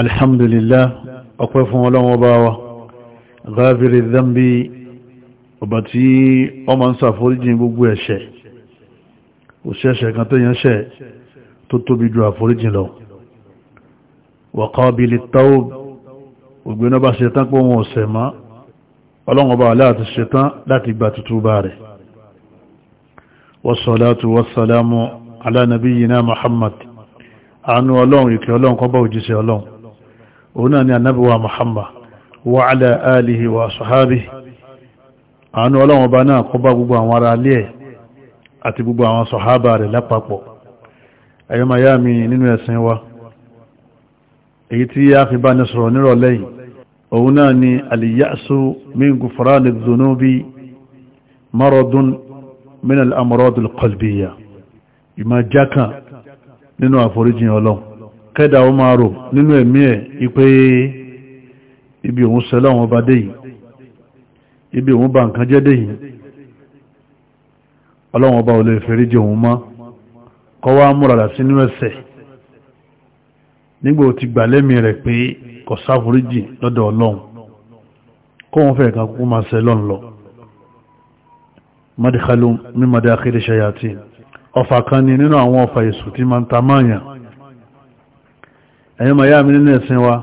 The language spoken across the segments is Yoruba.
alhamdulillah ọpẹ́ fún ọlọ́wọ́ bá wa gáàbìrì zambi ọba tí ọ ma ń sàforíjì gbogbo ẹ̀ṣẹ̀ òṣẹ́ṣẹ̀ kan tó yẹnṣẹ́ tó tóbi ju àforíjì lọ wa qabili tawb ògbé náà bá ṣetán pé wọn ọ̀sẹ̀ má ọlọ́wọ́ bá aláàtì ṣetán láti gba tuntun bá rẹ̀ wassalatu àánú ọlọ́run ìkẹ́ ọlọ́run kó bá ọlọ́run òun náà ni anábíwá Muhammad wa ala alihi wa sahabihi àánú ọlọ́wọ́n bá náà kọ́ bá gbogbo àwọn ará alẹ́ ẹ̀ àti gbogbo àwọn sọ̀hábà rẹ̀ lápapọ̀ ẹ̀yọ́ ma yá mi nínú ẹ̀sìn wa èyí tí a fi bá ní sọ̀rọ̀ nírọ̀lẹ́ òun náà ni kẹ́dà ó máa rò nínú ẹ̀mí ẹ̀ ipé ibi òun sẹ́lá àwọn ọba dé yìí ibi òun bá nǹkan jẹ́ dé yìí ọlọ́wọ́n ọba olè fèrè jẹ òun mọ́ kọ́ wá múràdà sí nínú ẹ̀ṣẹ̀ nígbà tí gbà lẹ́mí rẹ̀ pé kò sáforíjì lọ́dọ̀ ọlọ́run kó wọ́n fẹ́ kan kú máa sẹ́lọ́n lọ madikhalu mímọ̀dé akéde ṣayati ọfà kan ni nínú àwọn ọfà èṣù tí máa ń ta máàyàn ẹ̀yẹ́ ma yá mi nínú ẹ̀sìn wa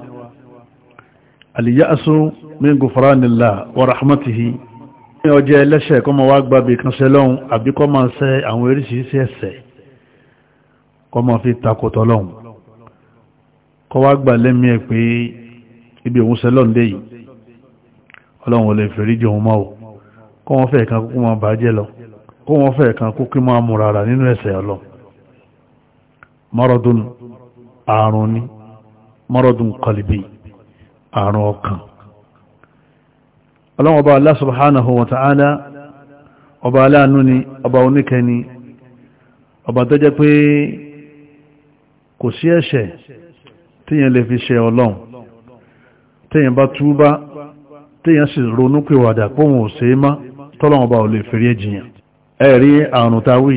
al-ya'su min ghufranillah wa rahmatihi ní ọjọ́ ẹlẹ́ṣẹ̀ kọ́ ma wá gbàbí kanṣẹ́ lọ́hun àbí kọ́ ma ṣe àwọn oríṣiríṣi ẹ̀ṣẹ̀ kọ́ ma fi takòtọ́ lọ́hun kọ́ wá gbà lẹ́mí ẹ̀ pé ibi òun ṣe lọ́hun dé yìí ọlọ́run ò lè fèrí jẹun mọ́ o kọ́ wọ́n fẹ́ kan kúkú máa bàájẹ́ lọ kọ́ wọ́n fẹ́ kan kúkú máa múra rà nínú ẹ̀ṣẹ̀ ọlọ́run mọ́rọ̀dún àrùn ni maradun qalbi àrùn ọkàn ọlọ́run ọba Allah subhanahu wa ta'ala ọba aláàánú ni ọba oníkẹni ọba tó jẹ́ pé kò sí ẹ̀ṣẹ̀ tíyàn lè fi ṣe ọlọ́run tíyàn bá túbá tíyàn sì ronú pèwàdà póhùn òsè má tọ́lọ́run ò lè fèrè jìyàn ẹ̀rí àrùn táwì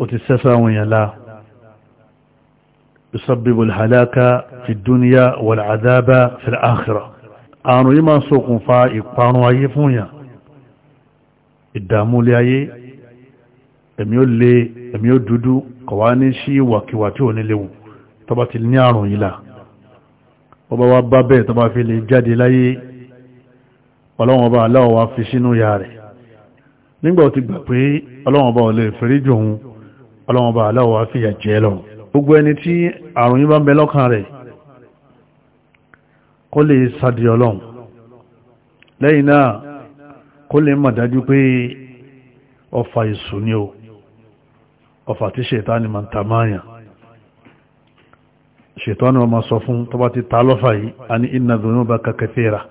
ó ti sẹ́sà àwọn èèyàn láà يسبب الهلاك في الدنيا والعذاب في الآخرة àrùn yìí máa ń ṣokùnfà ìparun ayé fún yàn ìdààmú lé ayé ẹ̀mí ó le ẹ̀mí ó dúdú kọ̀wá ní sí ìwàkiwà tí ò ní léwu tó bá ti ní àrùn yìí là wọ́n bá wá bá bẹ́ẹ̀ tó bá fi lè jáde láyé ọlọ́wọ́n bá aláwọ̀ wá fi sínú ya rẹ̀ nígbà ó ti gbà pé ọlọ́wọ́n bá ò lè fẹ́rí jòun ọlọ́wọ́n bá aláwọ̀ wá fìyà jẹ́ lọ́wọ́ gbogbo ẹni tí àrùn yí bá ń bẹ lọ́kàn rẹ̀ kó lè sàdì ọlọ́run lẹ́yìn náà kó lè mọ̀ dájú pé ọfà ìsù ni o ọfà tí ṣètánì ma ń ta máyà ṣètánì ma sọ fún tó bá ti ta lọ́fà yìí a ní inna dhunubaka kathira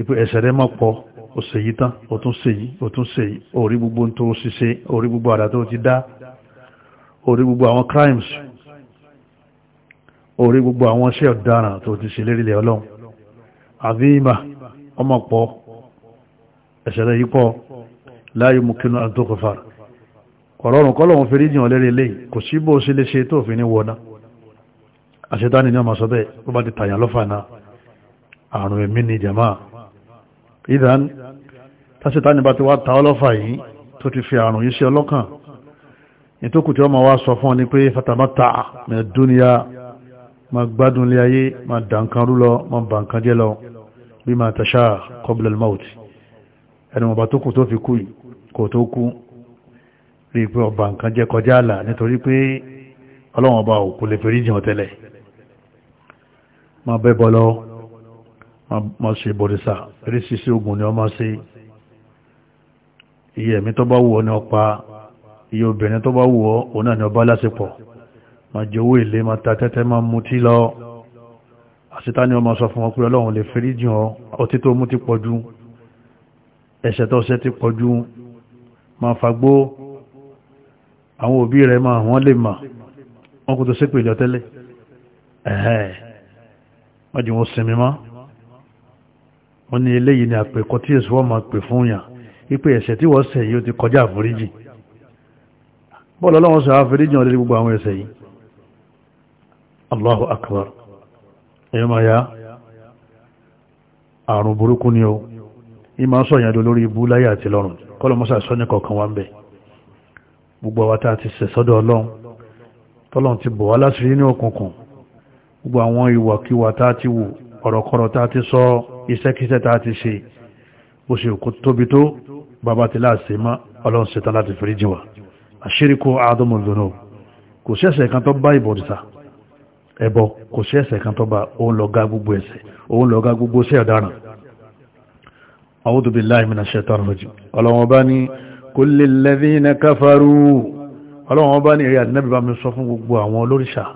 ipò ẹ̀ṣẹ̀ rẹ̀ má pọ̀ ó ṣe tán ó ṣe yí ó ṣe yí orí gbogbo tó ṣiṣẹ́ orí gbogbo àdá tó ti dá orí gbogbo àwọn crimes orí gbogbo àwọn iṣẹ́ ọ̀daràn tó ti ṣe lérí ilẹ̀ ọlọ́run àbíyìmá ọmọ pọ̀ ẹ̀ṣẹ̀lẹ̀ yìí pọ̀ láyé mú kínú àtòkòfà ọ̀rọ̀rùn kọ́lọ̀hún fi ríjìn ọ̀lẹ́rẹ̀ ilé kò sí bó ṣe lè ṣe tó fi ní wọ́ná àṣetáni ní ọmọ sọ́bẹ̀ ó bá ti tàyàn lọ́fàna àrùn ẹ̀mí ni jama ìdán tàṣetáni bá ti wá ta ọlọ́fà yìí tó ti fi àrùn yìí sí ọlọ́kàn ma gbádùn lé ayé ma dànkan rú lọ ma bànkan jẹ́ lọ bí ma tàṣà qabla al-maut ẹni wọ́n bá tó kù tó fi kú kò tó kú rí pé ọba nǹkan jẹ́ kọjá àlà nítorí pé ọlọ́wọ́n ọba òkú lè fèrí jìn ọ̀tẹ́lẹ̀ ma bẹ́ bọ́lọ́ ma ṣe bọ̀rìsà rí sísí ogun ni ọ ma ṣe iye ẹ̀mí tó bá wù ọ ni ọ pa iye obìnrin tó bá wù ọ òun náà ni ọba lásìpọ̀ ma jowó ilé ma ta tẹ́tẹ́ ma mutí lọ àṣetá ni ọmọ sọ fún ọkùnrin ọlọ́run lè fẹ́rí jìn ọ ọtí tó mú ti pọ̀jú ẹ̀ṣẹ̀ tó ṣẹ̀ ti pọ̀jú ma fagbó àwọn òbí rẹ̀ ma wọ́n lè mà wọ́n kò tó ṣépè ìjọ tẹ́lẹ̀ ẹ̀hẹ́ wọ́n jù wọ́n sinmi mọ́ wọ́n ní eléyìí ni àpèkọ tí èso wọ́n ma pè fún yàn wípé ẹ̀ṣẹ̀ tí wọ́n ṣẹ̀ yìí ó ti kọjá àforíjì bọ́ọ̀lù sọ àforíjì wọn Allahu akbar ẹ̀yọ́ máa ya àrùn burúkú ni ó ìmá sọ ìyàdó lórí ibú láyé àti lọ́run kọlọmọ́sà sọ ní kọ̀ọ̀kan wá ń bẹ̀ gbogbo àwọn tàà ti sẹ̀ sọ́dọ̀ ọlọ́run tọ́lọ́run ti bọ̀ wá láṣìírí ní òkùnkùn gbogbo àwọn ìwàkiwà tàà ti wù ọ̀rọ̀kọ̀rọ̀ tàà ti sọ iṣẹ́kíṣẹ́ tàà ti ṣe bó ṣe kó tóbi tó bàbá ti láàṣẹ mọ́ ọlọ́run ṣetán láti foríjì wá àṣírí kó àádọ́mọ̀ lónà kò ṣẹ̀ṣẹ̀ kan tó bá ìbọ̀dìsà ẹbọ kò sí ẹ̀ṣẹ̀ kan tó bá òun lọ́gá gbogbo ẹ̀ṣẹ̀ òun lọ́gá gbogbo sí ọ̀daràn a'udhu billahi minash shaitanir rajim ọlọ́wọ́n bá ní kullil ladhina kafaru ọlọ́wọ́n bá ní eré àdínábì bá mi sọ fún gbogbo àwọn olóríṣà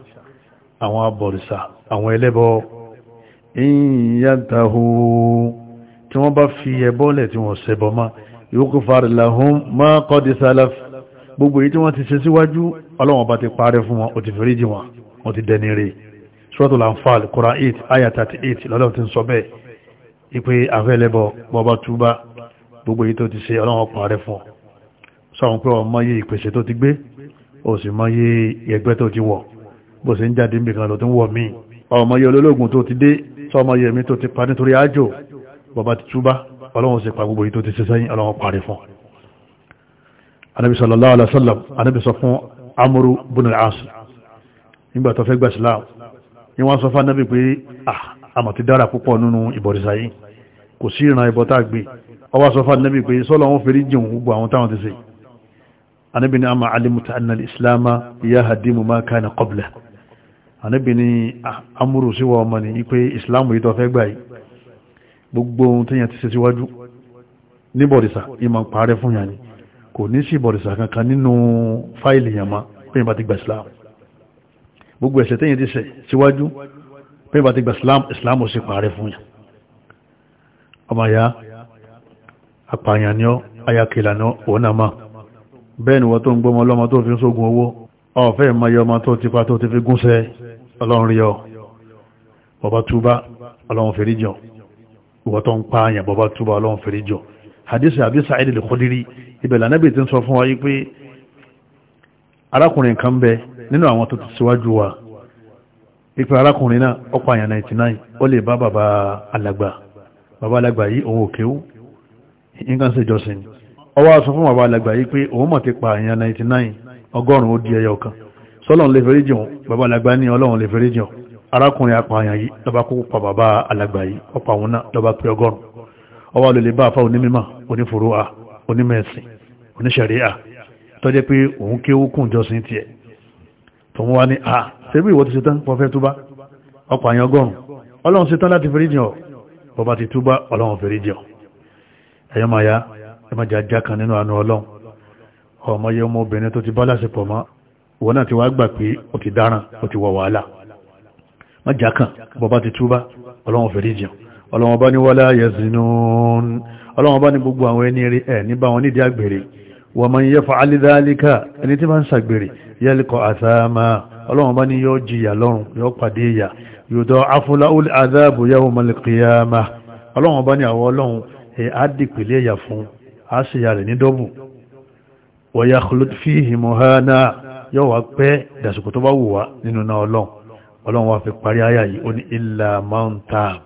wọ́n ti dẹni rè suratul anfal quran 8، ayah 38. eight lọ́dọ̀ tí ń sọ bẹ́ẹ̀ ipe afẹ́lẹ́bọ̀ bọ́bá túbá gbogbo èyí tó ti ṣe ọlọ́run ọkùnrin rẹ fún ọ sọ̀rọ̀ pé ọmọ yé ìpèsè tó ti gbé o sì mọ ẹgbẹ́ tó ti wọ̀ bó sì ń jáde nìkan ló tó ń wọ̀ míì ọmọ yé olólógún tó ti dé sọmọ yé mi tó ti pa nítorí ájò bọ́bá ti túbá ọlọ́run sì pa gbogbo èyí tó ti ṣe sẹ́yìn ọlọ́run parí fún anabi sallallahu alaihi wasallam anabi sọ fún amuru bunal asu nígbà tó fẹ́ gba Islam ni wọ́n sọ fánàbí pé ah, àmọ̀ ti dára púpọ̀ nínú ìbọ̀rìṣà yìí kò sí ìran ìbọ̀ tá gbé ọwá sọ fánàbí pé sọ́lọ́ wọn fèrè jẹun gbogbo àwọn táwọn ti ṣe anábì ni a ma alimuta annal islama ya hadimu ma kana qabla anábì ni ah, amúrù síwọ ọmọ ni pé islam yìí tó fẹ́ gbà yìí gbogbo ohun téèyàn ti ṣe síwájú ní bọ̀rìṣà ìmọ̀ parẹ́ fún yàn ni kò ní sí bọ̀rìṣà kankan nínú fáìlì yàn pé yàn ti gba islam gbogbo ẹ̀ṣẹ̀ tẹ́yìn ti ṣẹ̀ síwájú pé bá ti gba islam ó sì pààrẹ fún yà ọmọ ya apààyàn ni ọ ayakìlà ni ọ náà máa bẹ́ẹ̀ ni wọ́n tó ń gbọ́mọ ọlọ́mọ tó fi ń sógun owó ọ̀fẹ́ ìmáyọ ọmọ tó ti pa tó ti fi gúnṣẹ́ ọlọ́run rí ọ bọ́bá túbá ọlọ́run fèrí jọ wa yí pé arákùnrin kan bẹ́ẹ̀ nínú àwọn tó ti síwájú wa ipa arákùnrin náà ọkọ̀ àyàn 99 ó lè bá bàbá alàgbà bàbá alàgbà yìí òun òkèwú nǹkan sí ìjọsìn ó wá sọ fún bàbá alàgbà yìí pé òun mọ̀ ti pa àyàn 99 ọgọ́rùn ó di ẹyọ kan sọ́lọ́n lè fẹ́rí jẹun bàbá alàgbà ní ọlọ́run lè fẹ́rí jẹun arákùnrin apààyàn yìí lọ́ba kó pa bàbá alàgbà yìí ọ̀pọ̀ àwọn náà lọ́ba tọ́jẹ́ pé òun kéwú kùn jọsìn tiẹ̀ tòun wá ní à ṣebí ìwọ ti ṣetán pọ̀fẹ́ túbá ọkọ̀ àyàn ọgọ́rùn ọlọ́run ṣetán láti fèrè jìn ọ́ bọ́bá ti túbá ọlọ́run fèrè jìn ọ́ ẹ̀yọ́ máa ya ẹ má jà já kan nínú àánú ọlọ́run ọmọ yẹ ọmọ obìnrin wala yazinun ọlọ́run bá ní gbogbo àwọn ẹni wa man yaf'al dhalika ẹni tí bá ń ṣàgbèrè yalqa athama ọlọ́run bá ní yóò jìyà lọ́run yóò pàdé ìyà yudha'afu lahul adhabu yawmal qiyamah ọlọ́run bá ní àwọ ọlọ́run ẹ̀ á dìpìlẹ̀ ẹ̀yà fún á sì yà rẹ̀ ní dọ́bù wa yakhlud fihi muhana yóò wá pẹ́ dàsùkò tó ọlọ́run ọlọ́run fi parí ayà yìí ó ní illa man taab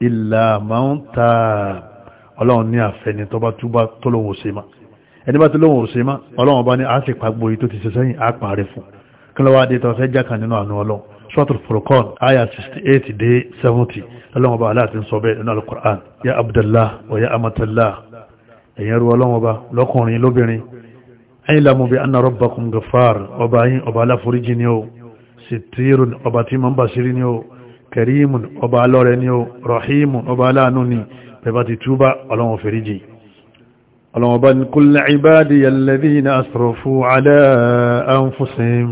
illa ọlọ́run ní àfẹ́ni tó bá túbá tó lóhun ṣe máa ẹni bá ti lóhun òsè má ọlọ́run bá ní a sì pàgbò yìí tó ti ṣe sẹ́yìn á parí fún kí ló dé tó jákà nínú àánú ọlọ́run suratul furqan aya 68 dé 70 ọlọ́run bá aláàtí ń sọ bẹ́ẹ̀ nínú alukur'an ya abdallah wa ya amatallah ẹ̀yìn ru ọlọ́run bá lọ́kùnrin lóbìnrin ẹ̀yìn lamu bi anna rabbakum gafar ọba yín ọba aláforíjì ni ó sitirun ọba tí ma ń basiri ni ó karimun ọba alọ́rẹ ni ó rahimun ọba aláàánú ni bẹ̀bá ti túbá ọlọ́run fèrèjì ọlọ́mọba ní kúlẹ̀ ìbáàdì yẹlẹ́bí ní asọ̀rọ̀fú alẹ́ àǹfúsìn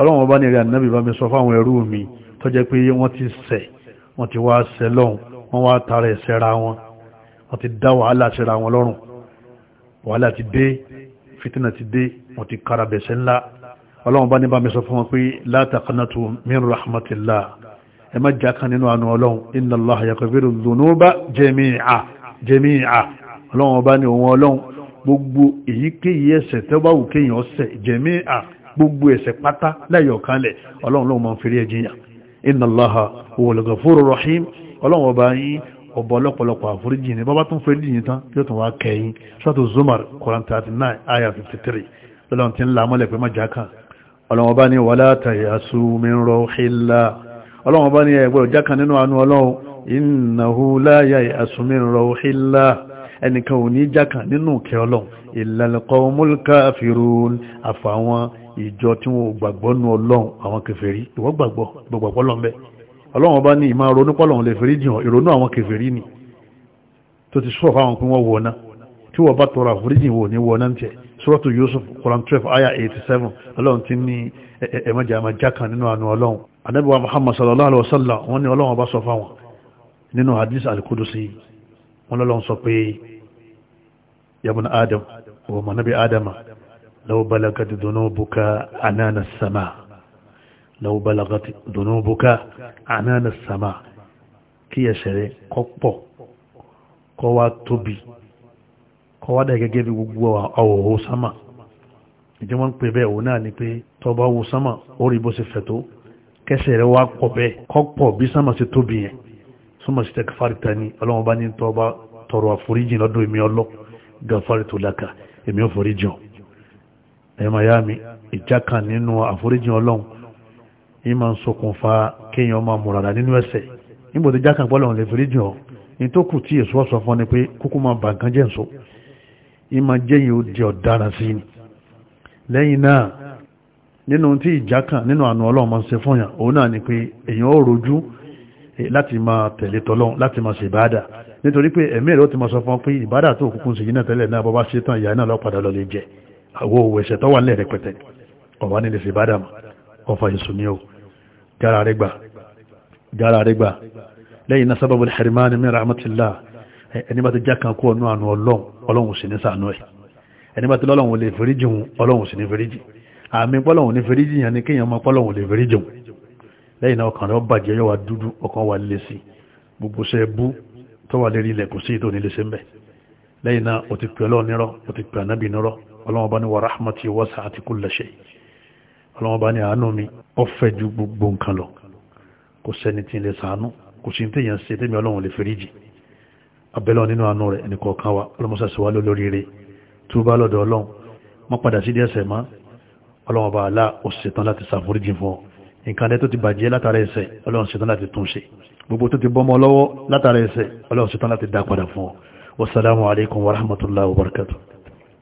ọlọ́mọba ní rẹ̀ ànábì bá mi sọ fáwọn ẹrú mi tó jẹ́ pé wọ́n ti ṣẹ̀ wọ́n ti wá ṣẹ̀ lọ́hùn wọ́n wá tara ẹ̀ṣẹ̀ ra wọn wọ́n ti dá wàhálà ṣẹ̀ ra wọn lọ́rùn wàhálà ti dé fitina ti dé wọ́n ti kára bẹ̀ṣẹ̀ ọlọ́run ọba ní òun ọlọ́run gbogbo èyíkéyìí ẹ̀ṣẹ̀ tó bá wù kéèyàn ọ̀sẹ̀ jẹ̀mí à gbogbo ẹ̀ṣẹ̀ pátá lẹ́yọ̀ kanlẹ̀ ọlọ́run ló máa ń fèrè ẹ̀jìyàn inna Allaha huwal ghafurur rahim ọlọ́run ọba yín ọ̀bọ̀ ọlọ́pọ̀lọpọ̀ àforíjì ni bàbá tún fèrè yìí tán yóò tún wá kẹ́yìn sọ́tò Zumar Quran 39 ayah 53 ẹnìkan ò ní jákàn nínú ìkẹ́ ọlọ́run illal qawmul kafirun àfàwọn ìjọ tí wọn ò gbàgbọ́ nu ọlọ́run àwọn kèfèrí ìwọ gbàgbọ́ gbogbo ọlọ́run bẹ́ẹ̀ ọlọ́run bá ní ìmá ronú pọ́lọ̀run lè fèrí jìyàn ìrònú àwọn kèfèrí ni tó ti sọ́ọ̀ fáwọn pín wọ́n wọ́ná tí wọ́n bá tọrọ àforíjìn wò ní wọ́ná tẹ̀ sọ́ọ̀tù Yusuf Quran 12 aya 87 ọlọ́run ti ní ẹ̀mọ́jà àmàjá kan nínú àánú ọlọ́run anábíwá Muhammad sallallahu alaihi wasallam wọ́n ní ọlọ́run bá sọ fáwọn nínú al-Qudusi wọn lọ́lọ́run sọ pé yabun adam wọ́n mọ̀ nábi adama law balagati dunubuka anana sama law balagati dunubuka anana sama kí ẹ̀ṣẹ̀ rẹ̀ kó pọ̀ kó wá tóbi kó wá dà gẹ́gẹ́ bí gbogbo àwòrán sámà ìdí wọ́n ń pè bẹ́ẹ̀ òun náà ni pé tọba wo sámà ó bó ṣe fẹ̀ tó kẹsẹ̀ rẹ̀ wá pọ̀ bẹ́ẹ̀ bí sámà ṣe tóbi yẹn súnmọ̀ sí tẹ́kifárítà ní ọlọ́wọ́n bá ní tọ́ba tọrọ àforíjì lọ́dún èmi ọlọ́ gafárítò laka èmi òforíjì ọ̀ ẹ̀yọ́mọ̀ yá mi ìjà kan nínú àforíjì ọlọ́run yìí máa ń ṣokùnfà kéèyàn máa múrara nínú ẹ̀ṣẹ̀ níbo tí jákàn pọ́lọ̀ lè foríjì ọ̀ ní tó kù tí èso ọ̀sọ̀ fún ni pé kúkú máa bà nǹkan jẹ́ ǹso yìí máa jẹ́ yìí ó di ọ̀daràn sí ni lẹ́yìn náà nínú tí ìjà nínú àánú ọlọ́run máa ń ṣe fún yàn òun náà ni pé èèyàn ó rojú Eh, láti máa tẹ̀lé tọ́lọ́n láti máa ṣe ìbáadà nítorí pé ẹ̀mí ẹ̀rọ ti máa sọ fún pé ìbáadà tó kúkún sí yínà tẹ́lẹ̀ náà bọ́bá ṣetán ìyá náà lọ́padà lọ lè jẹ àwọ òwò ẹ̀ṣẹ̀ tó wà nílẹ̀ rẹpẹtẹ ọ̀wá nílẹ̀ sí ìbáadà mọ́ ọfà èso ni ó gara rẹ gbà gara rẹ gbà lẹ́yìn náà sábàbù al-hirmani min rahmatillah ẹni bá ti já kan kú ọ̀nà àánú ọlọ́run ọlọ́run sì ní sànú lẹ́yìn náà ọkàn rẹ̀ ó bàjẹ́ yóò wá dúdú ọkàn wà lè sí gbogbo ṣe bú tó wà lérí ilẹ̀ kò sí ètò nílé ṣe ń lẹ́yìn náà ó ti pè ọlọ́run nírọ́ ó ti pè ànábì nírọ́ ọlọ́run bá ní wa rahmati wasi'at kulla shay ọlọ́run bá ní àánú mi ó fẹ̀ ju gbogbo nǹkan lọ kò sẹ́ni tí ń lè sàánú kò sí téèyàn ṣe tẹ́mi ọlọ́run lè fèrèjì abẹ́lọ́ nínú àánú rẹ̀ ẹnìkọ̀ọ̀kan wa ọlọ́mọṣàṣẹ́wá lórí rẹ̀ nǹkan rẹ tó ti bàjẹ́ látara ẹ̀ṣẹ̀ ọlọ́run ṣetán láti tún ṣe gbogbo tó ti bọ́mọ lọ́wọ́ látara ẹ̀ṣẹ̀ ọlọ́run ṣetán láti dá padà fún ọ wasalaamu alaykum wa rahmatulahi wa barakatuh